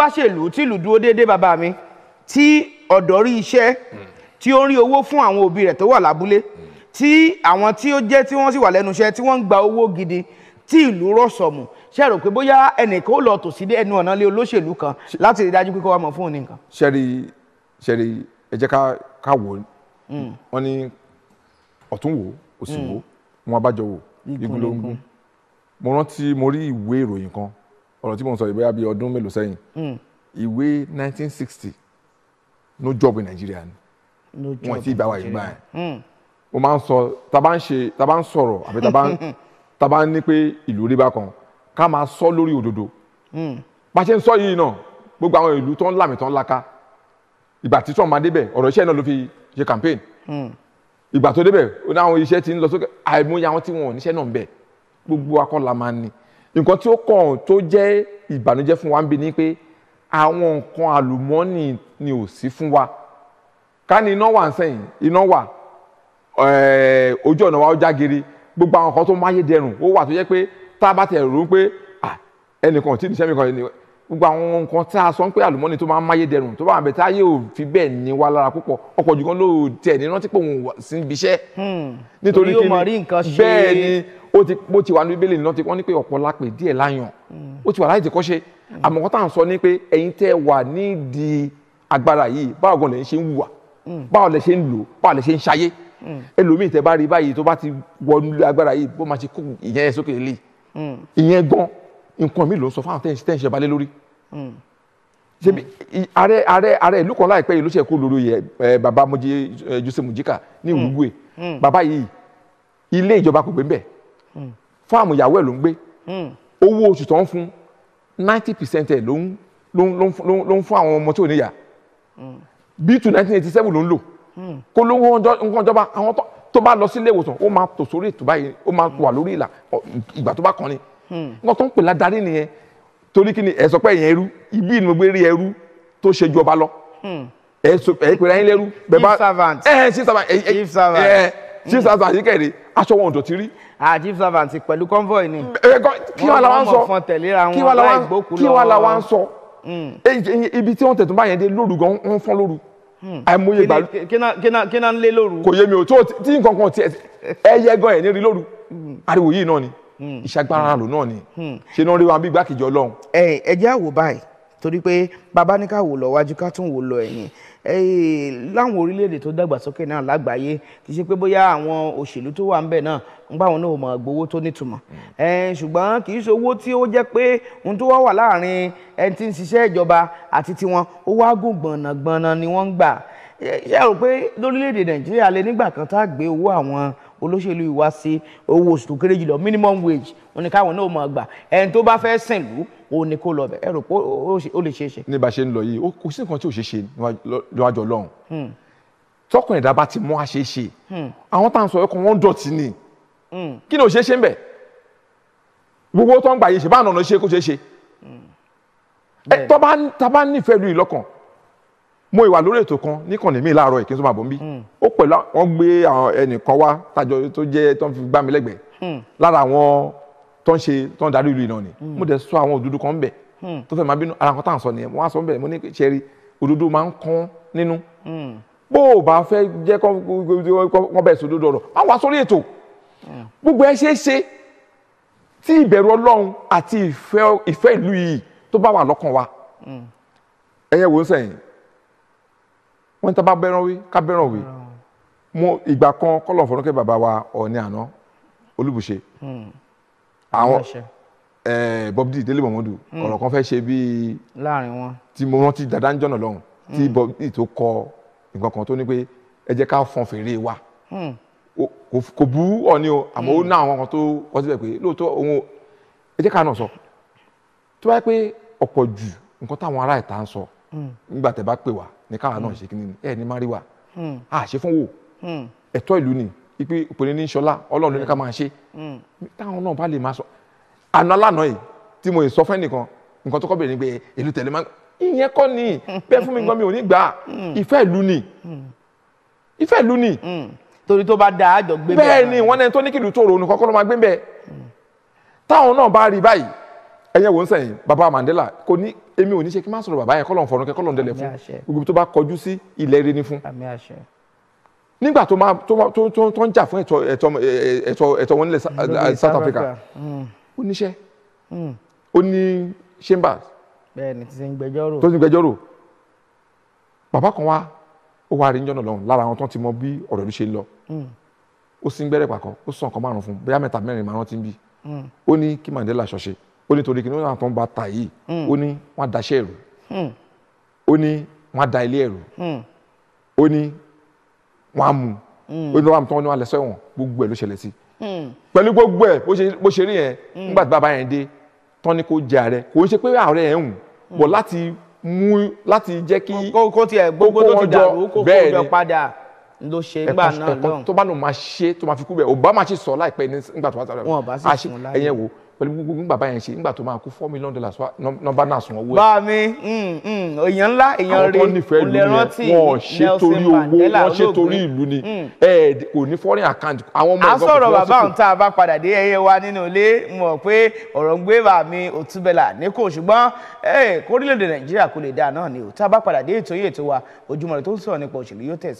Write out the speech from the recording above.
bá ṣèlú tí ìlú dúró déédéé bàbá mi tí ọ̀dọ́ rí iṣẹ́ tí ó ń rí owó fún àwọn òbí rẹ̀ tó wà lábúlé tí àwọn tí ó jẹ́ tí wọ́n sì wà lẹ́nu iṣẹ́ tí wọ́n ń gba owó gidi tí ìlú rọ̀sọ̀mù ṣe rò pé bóyá ẹnìkan ó lọ tò sí ẹnu ọ̀nà lé olóṣèlú kan láti rí dájú pé kó wá mọ̀ fún òní nǹkan. ṣẹ́ẹ̀rì ṣẹ́ẹ̀rì ẹ jẹ́ ká wò hmm. wọ́n ní ọ̀tún wò òsì hmm. wò wọn abájọ wò igun ló ń gún mo rántí mo rí ìwé ìròyìn kan ọ̀rọ̀ tí mo ń sọ ìbáyà bíi ọdún mélòó sẹ́yìn hmm. ìwé 1960 no job in Nigeria ni wọ́n ti gbà wá ìgbà yẹn hmm. mo máa ń sọ taba ń ṣe taba ń sọ̀rọ̀ àbí taba ń taba ń ní pé ìlú rí bákan ká máa sọ lórí òdodo hmm. bá a ṣe ń sọ yìí náà gbogbo àwọn ìlú tó ń làmì tó ń laka ìgbà tí Trump máa débẹ̀ ọ̀rọ̀ iṣẹ́ náà ló fi ṣe campaign ìgbà tó débẹ̀ ó ní àwọn iṣẹ́ ti ń lọ sókè àìmọye àwọn tí wọn ò níṣẹ́ náà ń bẹ gbogbo akọ́la máa ń ní nǹkan tí ó kàn tó jẹ́ ìbànújẹ́ fún wa ń bi ni pé àwọn nǹkan àlùmọ́ọ́nì ni ò sí fún wa ká ní iná wà sẹ́yìn iná wà eh, ojú ọ̀nà wa ó jágere gbogbo àwọn nǹkan tó máyé dẹrùn ó wà tó jẹ́ pé tá a bá tẹ̀ rò ó pé ẹnìkan tí ìṣẹ́ mi kan gbogbo àwọn nǹkan tá a sọ pé àlùmọ́ọ́nì tó máa ń máyé dẹrùn tó bá wà bẹ́ẹ̀ tá yóò fi bẹ́ẹ̀ ní wa lára púpọ̀ ọkọ̀ jù kan ló tiẹ̀ ní rántí pé sí ibi iṣẹ́ hmm. nítorí kí ni bẹ́ẹ̀ ni ó ti bó ti wà ní bíbélì náà ti wọ́n ní pé ọ̀pọ̀ la pè díẹ̀ láyàn mm. ó ti wà láyè tí kò ṣe mm. àmọ́ kọ́tà ń sọ ní pé ẹ̀yin tẹ́ wà nídìí agbára yìí báwo gan lè ń ṣe ń wùwà mm. báwo lè ṣe ń lò báwo lè ṣe ń ṣayé ẹlòmíì tẹ́ bá rí báyìí tó bá ti wọnú agbára yìí bó máa ṣe kó ìyẹn ẹ sókè lè ìyẹn gan nǹkan mi ló ń sọ fáwọn tẹ́ ń balẹ̀ lórí ṣebí ààrẹ ààrẹ ààrẹ ìlú kan láìpẹ́ yìí ló ṣe kó lóru yẹ baba Joseph Mujika ní Uruguay baba yìí ilé ìjọba kò gbé ń bẹ̀ Hmm. fáàmù ìyàwó ẹ̀ ló ń gbé hmm. owó oṣù tó ń fún ninety percent ẹ̀ ló ń ló ń fún àwọn ọmọ tó níyà hmm. bí tu nineteen eighty seven ló ń lò kó ló ń nǹkan ìjọba àwọn tó bá lọ sí ilé ìwòsàn ó máa tò sórí ètò báyìí ó máa wà lórí ìlà ìgbà tó bá kàn ni nǹkan tó ń pè ládarí nìyẹn torí kí ni ẹ sọ pé ẹ̀yin ẹrú ibi ni mo gbé rí ẹrú tó ṣe ju ọba lọ ẹ sọ ẹ pèrè ẹ̀yin lẹrú bẹ́ẹ̀ bá ẹ ẹ ṣí sábà ẹ ṣí sábà yìí kẹrì aṣọ wọn ò dọ̀tí rí chief servant pẹ̀lú convoy ni. Mm, eh, kí wàá la wá ń sọ kí wàá la wá ń sọ kí wàá la wá ń sọ ibi tí wọ́n tẹ̀tún báyẹn dé lóru gan wọ́n fọ́n lóru mm. àìmọye gbàlú. kí náà ń lé lóru. kò yé mi o tí nǹkan kan tiẹ̀ ẹyẹ gan ẹ̀ ní rí lóru mm. ariwo yìí náà ni ìṣàgbára lò torí pé bàbá ní ká wò lọ wájú ká tún wò lọ ẹ̀yìn láwọn orílẹ̀-èdè tó dàgbàsókè náà lágbàáyé kì í ṣe pé bóyá àwọn òṣèlú tó wà ń bẹ̀ náà ń bá wọn náà mọ̀ gbowó tó nítumọ̀ ṣùgbọ́n kì í ṣe owó tí ó jẹ́ pé ohun tó wá wà láàrin ẹni tí ń ṣiṣẹ́ ìjọba àti tiwọn ó wá gùn gbọ̀nàgbọ̀nà ni wọ́n ń gbà ṣé rò pé lórílẹ̀-èdè Nàìjíríà lè nígbà kan tá a gbé owó àwọn olóṣèlú ìwá sí owó oṣù tó kéré jùlọ minimum wage òun ni káwọn náà máa gbà ẹni tó bá fẹ́ sìn lú òun ni kó lọ bẹ̀ ẹ rò pé ó lè ṣeé ṣe. ní bá a ṣe ń lọ yìí kò sí nǹkan tí ò ṣeé ṣe níwájú Ọlọ́run hmm. tọkùn ẹ̀dá bá ti mú àṣeéṣe hmm. àwọn tá à ń sọ ẹkùn wọn dọ̀tí ni hmm. kí ni ò ṣeé ṣe ń bẹ̀ gbogbo tó ń gbà yìí ṣe báwọn ọ̀nà ṣe kó ṣeé ṣe tọ́ bá nífẹ̀ẹ́ lu ìlọ́kàn mo ìwà lórí ètò kan níkànnì mi láàárọ̀ ìkíni tó máa bọ̀ ń bí hmm. ó pẹ̀lú wọn gbé àwọn ẹnìkan wá tàjọ tó jẹ́ tó ń fi gbá mi lẹ́gbẹ̀ẹ́ hmm. lára àwọn tó ń ṣe tó ń darí ìlú ìnáwó ni hmm. mo dẹ̀ sọ àwọn òdúdú kan bẹ̀ tó fẹ́ máa bínú ara kan tá à ń sọ nìyẹn wọ́n á sọ ń bẹ̀ mo ní ṣe rí òdúdú máa ń kán nínú bó o bá fẹ́ jẹ́ kán bẹ̀ sódódó ọ̀rọ̀ má wá sórí ètò gbogbo ẹ ṣeé ṣe tí ìbẹ̀rù Ọlọ́run àti ìfẹ́ wọ́n ní tá a bá bẹ́ràn wí ká bẹ́ràn wí mo ìgbà kan kọ́lọ̀ fọ́nrúkẹ́ bàbá wa ọ̀ọ́ni àná olúbùṣe hmm. àwọn bob d délé mọ̀mọ́dù hmm. ọ̀rọ̀ kan fẹ́ ṣe bíi láàrin wọn tí mo rántí dada ń jọ̀nà lọ́hùn tí hmm. bob d tó kọ nǹkan kan tó ní pé ẹ jẹ́ ká fọn fèrè wa kò bú ọ̀ni o àmọ́ ó ná àwọn kan tó kọ síbẹ̀ pé lóòótọ́ òun ẹ jẹ́ ká náà sọ tó bá yẹ pé ọ̀pọ̀ jù nǹkan táwọn ará ìta ń sọ nígbà tẹ́ bá pè wá ní káwa náà hmm. ṣe kí ni ẹ ní má rí wa hmm. a ṣe fún wò hmm. ẹ̀tọ́ ìlú ni ipe òpèrè ní sọlá ọlọ́run ló ní ká máa ṣe táwọn náà bá lè máa sọ àná lánàá yìí tí mo sọ fẹ́ nìkan nǹkan tó kọ́ bẹ̀rẹ̀ ni pé ìlú tẹ̀lé máa ń ìyẹn kọ́ ni bẹ́ẹ̀ fún mi gan mi ò ní gbà á ìfẹ́ ìlú ni ìfẹ́ ìlú ni. torí tó bá da àjọ gbé bẹ́ẹ̀ bẹ́ẹ̀ ni wọ́n ní tó ní kìlú tó ronú kọ́kọ́ ló máa gbé bẹ́ẹ̀ táwọn náà bá rí báyìí ẹ̀yẹ́ wò ń sẹ́yìn baba Mandela kò ní èmi ò ní ṣe kí n má sọ̀rọ̀ bàbá yẹn kọ́lọ̀ fọ̀rọ̀ kẹ́ kọ́lọ̀ dẹlẹ̀ fún gbogbo tó bá kọjú sí ilẹ̀ rẹ ni fún. nígbà tó máa tó ń jà fún ẹ̀tọ́ wọn nílẹ̀ ah, South Africa hmm. ó níṣẹ́ hmm. ó ní chambers bẹ́ẹ̀ni ti ń gbẹjọ́rò tó ti ń gbẹjọ́rò bàbá kan wá ó wá rí ń jọ́nà lọ́hùn lára àwọn tó ti mọ bí ọ̀rọ̀ ìlú ṣe lọ hmm. ó sì ń gbẹ́rẹ̀ pàkọ́ ó sàn kan márùn fún bóyá mẹ́ta mẹ́rin márùn ti ń bí ó ní kí Mandela ṣọṣe ó ní torí kí ni wọ́n tó ń ba ta yìí hmm. ó ní wọ́n daṣẹ́ ẹ̀rù hmm. ó ní wọ́n da ilé ẹ̀rù hmm. ó ní wọ́n á mu ó ní wọ́n á tán ní wọ́n á lẹ́sọ̀ ẹ̀wọ̀n gbogbo ẹ̀ ló ṣẹlẹ̀ sí pẹ̀lú gbogbo ẹ̀ bó ṣe rí yẹn nígbà tí bàbá yẹn dé tán ni kò jẹ ààrẹ kò ń ṣe pé ààrẹ yẹn ń bọ̀ láti mú láti jẹ́ kí kókó tiẹ̀ gbogbo tó ti dàrú kókó jọ padà ló ṣe gbà náà lọ́hùn. ẹ̀kọ́ tó bá lòun máa ṣe tó máa fi kú bẹ́ẹ̀ Obama ṣe sọ láìpẹ́ nígbà tó bá sáré àṣẹ ẹ̀yẹ wo pẹ̀lú gbogbo nígbà bá yẹn ṣe nígbà tó máa kó four million dollars wá nọ́mbà náà sùn owó ẹ̀. bá mi mm, mm, èèyàn ńlá èèyàn rè olèràntì Nelson Mandela olóògbé wọn ni mm. kò ní foreign account àwọn ọmọ ìgbà kò fi wọ́n sí kù. bàbá òun tá a bá padà dé ẹyẹ wa nínú ilé mọ̀ pé ọ̀rọ̀ ń gbé bà mí òtúbẹ̀là ní kò ṣùgbọ́n kórílẹ̀-èdè Nàìjíríà kò lè dáa náà ni ò tá a bá padà dé ètò yìí ètò wa Ojúmọ́ Ire tó ń sọ̀rọ̀ nípa òṣèlú yóò tẹ̀sí